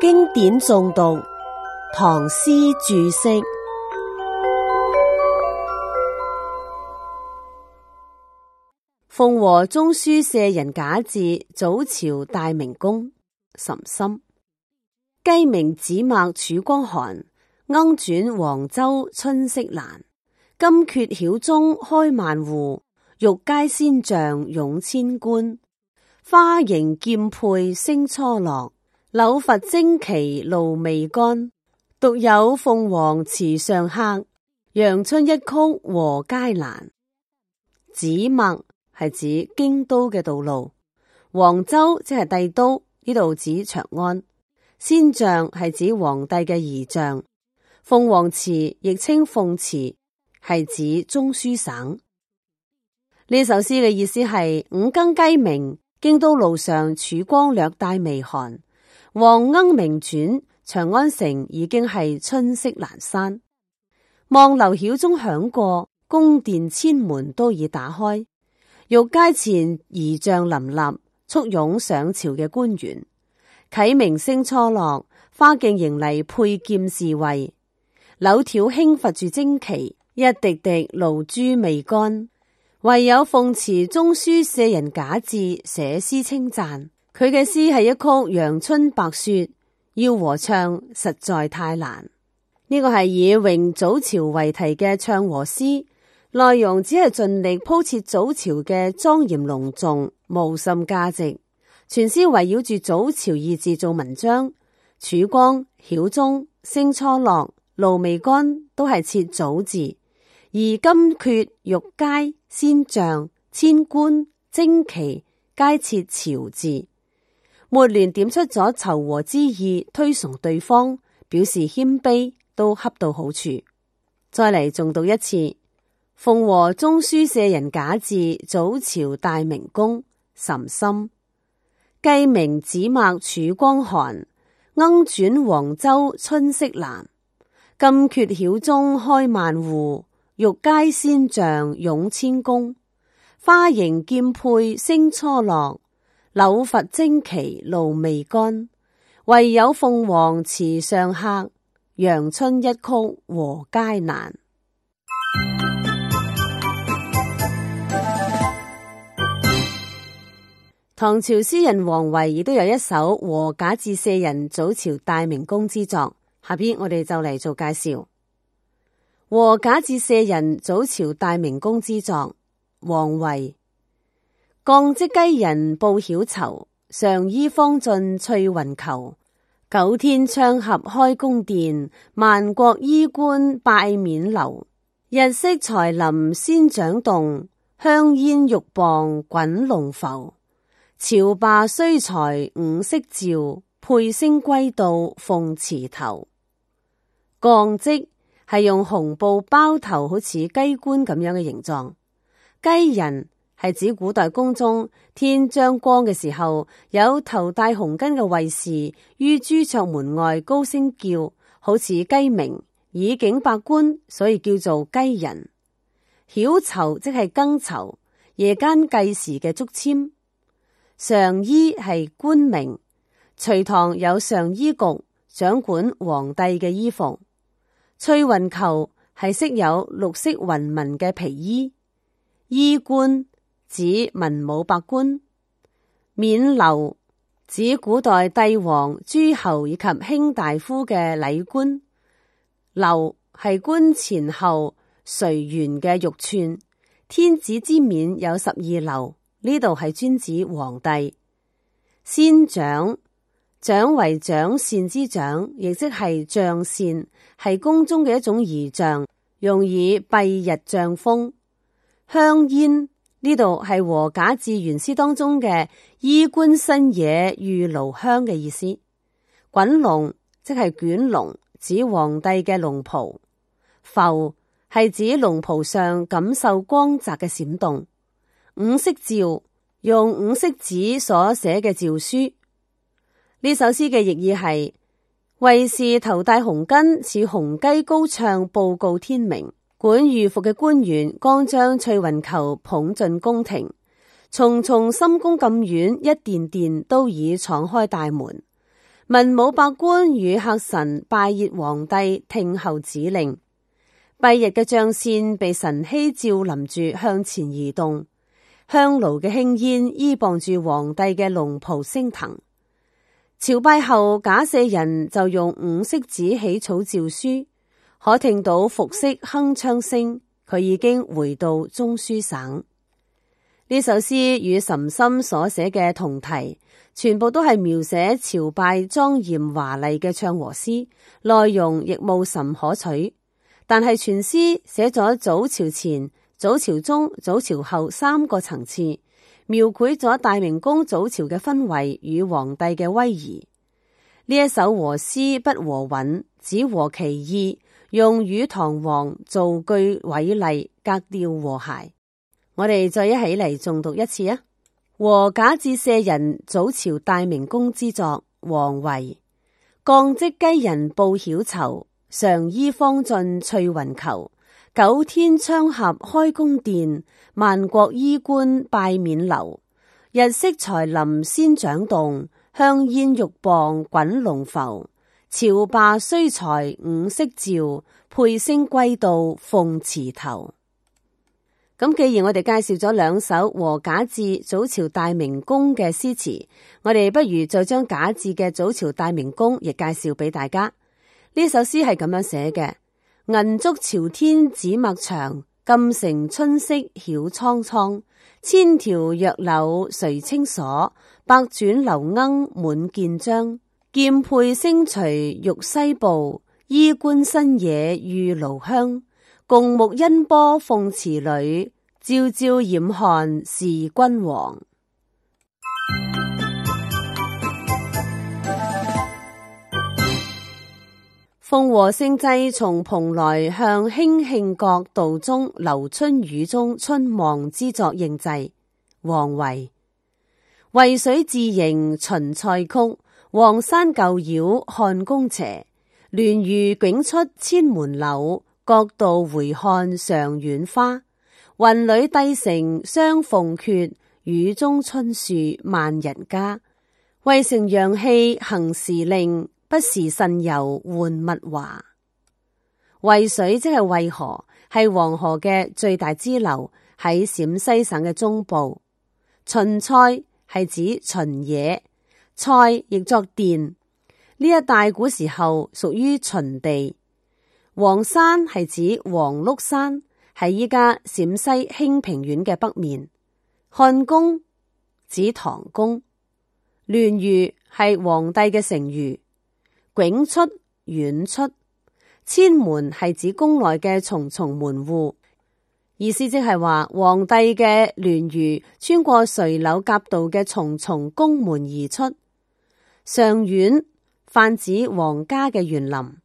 經典誦讀，唐詩注釋。鳳和中書舍人賈至，早朝大明宮，岑參。雞鳴紫陌曙光寒，鶯轉皇州春色闌。金闕曉鐘開萬戶，玉階仙仗擁千官。花迎劍佩星初落。柳拂旌旗露未乾，獨有鳳凰池上客。陽春一曲和皆難。紫陌係指京都嘅道路，皇州即係帝都呢度，指長安。仙仗係指皇帝嘅儀仗，鳳凰池亦稱鳳池，係指中書省。呢首詩嘅意思係五更雞鳴，京都路上曙光略帶微寒。黃鶯鳴囀，長安城已經係春色闌珊。望樓曉鐘響過，宮殿千門都已打開。玉階前儀仗林立，簇擁上朝嘅官員。啟明星初落，花徑迎嚟佩劍侍衛。柳條輕拂住旌旗，一滴滴露珠未乾。唯有鳳池中書舍人賈至寫詩稱讚。寫佢嘅詩係一曲陽春白雪，要和唱實在太難。呢個係以詠早朝為題嘅唱和詩，內容只係盡力鋪設早朝嘅莊嚴隆重，無甚價值。全詩圍繞住早朝二字做文章，曙光、曉鐘、星初落、露未乾，都係切早字；而金闕、玉階、仙仗、千官、旌旗，皆切朝字。末聯點出咗求和之意，推崇對方，表示謙卑，都恰到好處。再嚟重讀一次：奉和中書舍人賈至，早朝大明宮，岑參。雞鳴紫陌曙光寒，鶯轉皇州春色闌。金闕曉鐘開萬戶，玉階仙仗擁千官。花迎劍佩星初落。柳拂旌旗露未乾，唯有鳳凰池上客，陽春一曲和皆難。 唐朝詩人王維亦都有一首《和賈至舍人早朝大明宮之作》，下邊我哋就嚟做介紹。《和賈至舍人早朝大明宮之作》，王維。降職雞人報曉籌，上衣方進翠雲裘。九天阊闔開宮殿，萬國衣冠拜冕旒。日色才臨仙掌動，香煙欲傍滾龍浮。朝罷須才五色詔，佩聲歸到鳳池頭。降職係用紅布包頭，好似雞冠咁樣嘅形狀，雞人。係指古代宮中天將光嘅時候，有頭戴紅巾嘅衛士於朱雀門外高聲叫，好似雞鳴以警百官，所以叫做雞人。曉籌即係更籌，夜間計時嘅竹簽。上衣係官名，隋唐有上衣局掌管皇帝嘅衣服。翠雲裘係飾有綠色雲紋嘅皮衣，衣冠。指文武百官冕旒，指古代帝王、諸侯以及卿大夫嘅禮冠。旒係冠前後垂緣嘅玉串，天子之冕有十二旒。呢度係專指皇帝。先掌掌為掌扇之掌，亦即係象扇，係宮中嘅一種儀仗，用以蔽日、象風、香煙。呢度係和賈至原詩當中嘅衣冠身惹御爐香嘅意思，滾龍即係卷龍，指皇帝嘅龍袍。浮係指龍袍上感受光澤嘅閃動。五色詔用五色紙所寫嘅詔書。呢首詩嘅譯意係衛士頭戴紅巾似雄雞高唱報告天明。管御服嘅官員剛將翠雲裘捧進宮廷，重重深宮咁遠，一殿殿都已敞開大門。文武百官與客臣拜謁皇帝，聽候指令。閉日嘅將線被晨曦照臨住，向前移動。香爐嘅輕煙依傍住皇帝嘅龍袍升騰。朝拜後，賈舍人就用五色紙起草詔書。可聽到服飾鏗鏘聲，佢已經回到中書省。呢首詩與岑參所寫嘅同題，全部都係描寫朝拜莊嚴華麗嘅唱和詩，內容亦冇甚可取。但係全詩寫咗早朝前、早朝中、早朝後三個層次，描繪咗大明宮早朝嘅氛圍與皇帝嘅威儀。呢一首和詩不和韻，只和其意。用語堂皇，造句偉麗，格調和諧。我哋再一起嚟誦讀一次啊！和賈至舍人早朝大明宮之作，王維。降職雞人報曉籌，尚衣方進翠雲裘。九天閶闔開宮殿，萬國衣冠拜冕旒。日色才臨仙掌動，香煙欲傍袞龍浮。朝罷須裁五色詔，佩星歸到鳳池頭。咁既然我哋介紹咗兩首和賈至早朝大明宮嘅詩詞，我哋不如再將賈至嘅早朝大明宮亦介紹俾大家。呢首詩係咁樣寫嘅：銀燭朝天紫陌長，禁城春色曉蒼蒼。千條弱柳垂青鎖，百轉流鶯滿建章。劍佩聲隨玉西步，衣冠身惹御爐香。共沐恩波鳳池裏，朝朝染翰侍君王。《奉和聖製》從蓬萊向興慶閣道中，留春雨中春望之作，應制。王維《渭水自縈秦塞曲》。黃山舊繞漢宮斜。鑾輿迥出千門柳，閣道回看上苑花。雲裏帝城雙鳳闕，雨中春樹萬人家。為乘陽氣行時令，不是宸遊玩物華。渭水即係渭河，係黃河嘅最大支流，喺陝西省嘅中部。秦塞係指秦野。菜亦作殿，呢一帶古時候屬於秦地。黃山係指黃麓山，係依家陝西興平縣嘅北面。漢宮指唐宮，鑾輿係皇帝嘅乘輿。迥出遠出，千門係指宮內嘅重重門戶。意思即係話，皇帝嘅鑾輿穿過垂柳夾道嘅重重宮門而出。上苑泛指皇家嘅園林，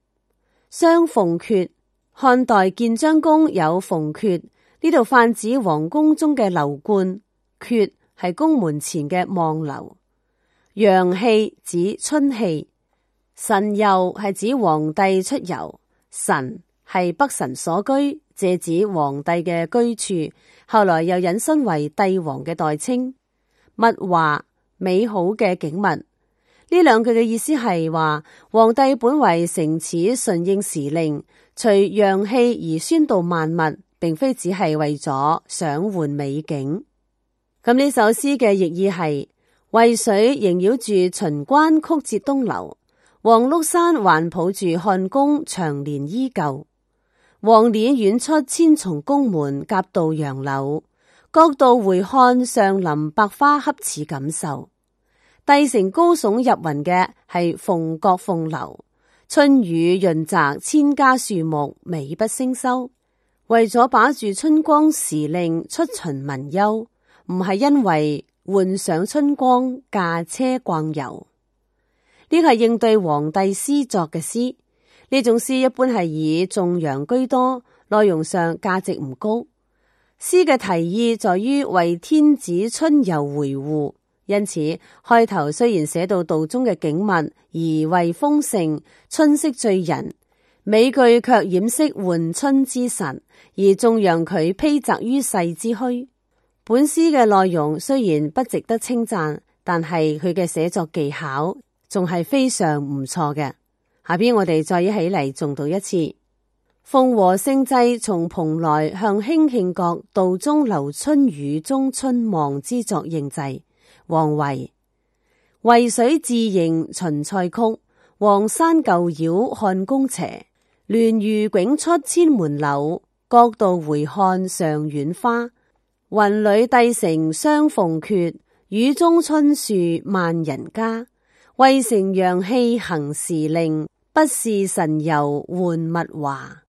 雙鳳闕，漢代建章宮有鳳闕，呢度泛指皇宮中嘅樓冠闕係宮門前嘅望樓。陽氣指春氣，神遊係指皇帝出遊。神係北神所居，借指皇帝嘅居處。後來又引申為帝王嘅代稱。物華美好嘅景物。呢兩句嘅意思係話，皇帝本為成此順應時令，隨陽氣而宣導萬物，並非只係為咗賞玩美景。咁呢首詩嘅譯意係渭水縈繞住秦關曲折東流，黃麓山環抱住漢宮長年依舊。皇輦遠出千重宮門夾道楊柳，閣道回看上林百花恰似錦繡。帝城高聳入雲嘅係鳳閣鳳樓，春雨潤澤千家樹木，美不勝收。為咗把住春光時令，出巡民憂，唔係因為換上春光駕車逛遊。呢個係應對皇帝詩作嘅詩，呢種詩一般係以頌揚居多，內容上價值唔高。詩嘅提議在於為天子春遊回護。因此開頭雖然寫到道中嘅景物而為豐盛春色醉人，尾句卻掩飾換春之神，而縱讓佢披澤於世之虛。本詩嘅內容雖然不值得稱讚，但係佢嘅寫作技巧仲係非常唔錯嘅。下邊我哋再一起嚟重讀一次《奉和聖製》，從蓬萊向興慶閣道中留春雨中春望之作應制。王維，渭水自縈秦塞曲，黃山舊繞漢宮斜。亂馀迥出千門柳，閣道回看上苑花。雲裏帝城雙鳳闕，雨中春樹萬人家。渭城陽氣行時令，不是神遊玩物華。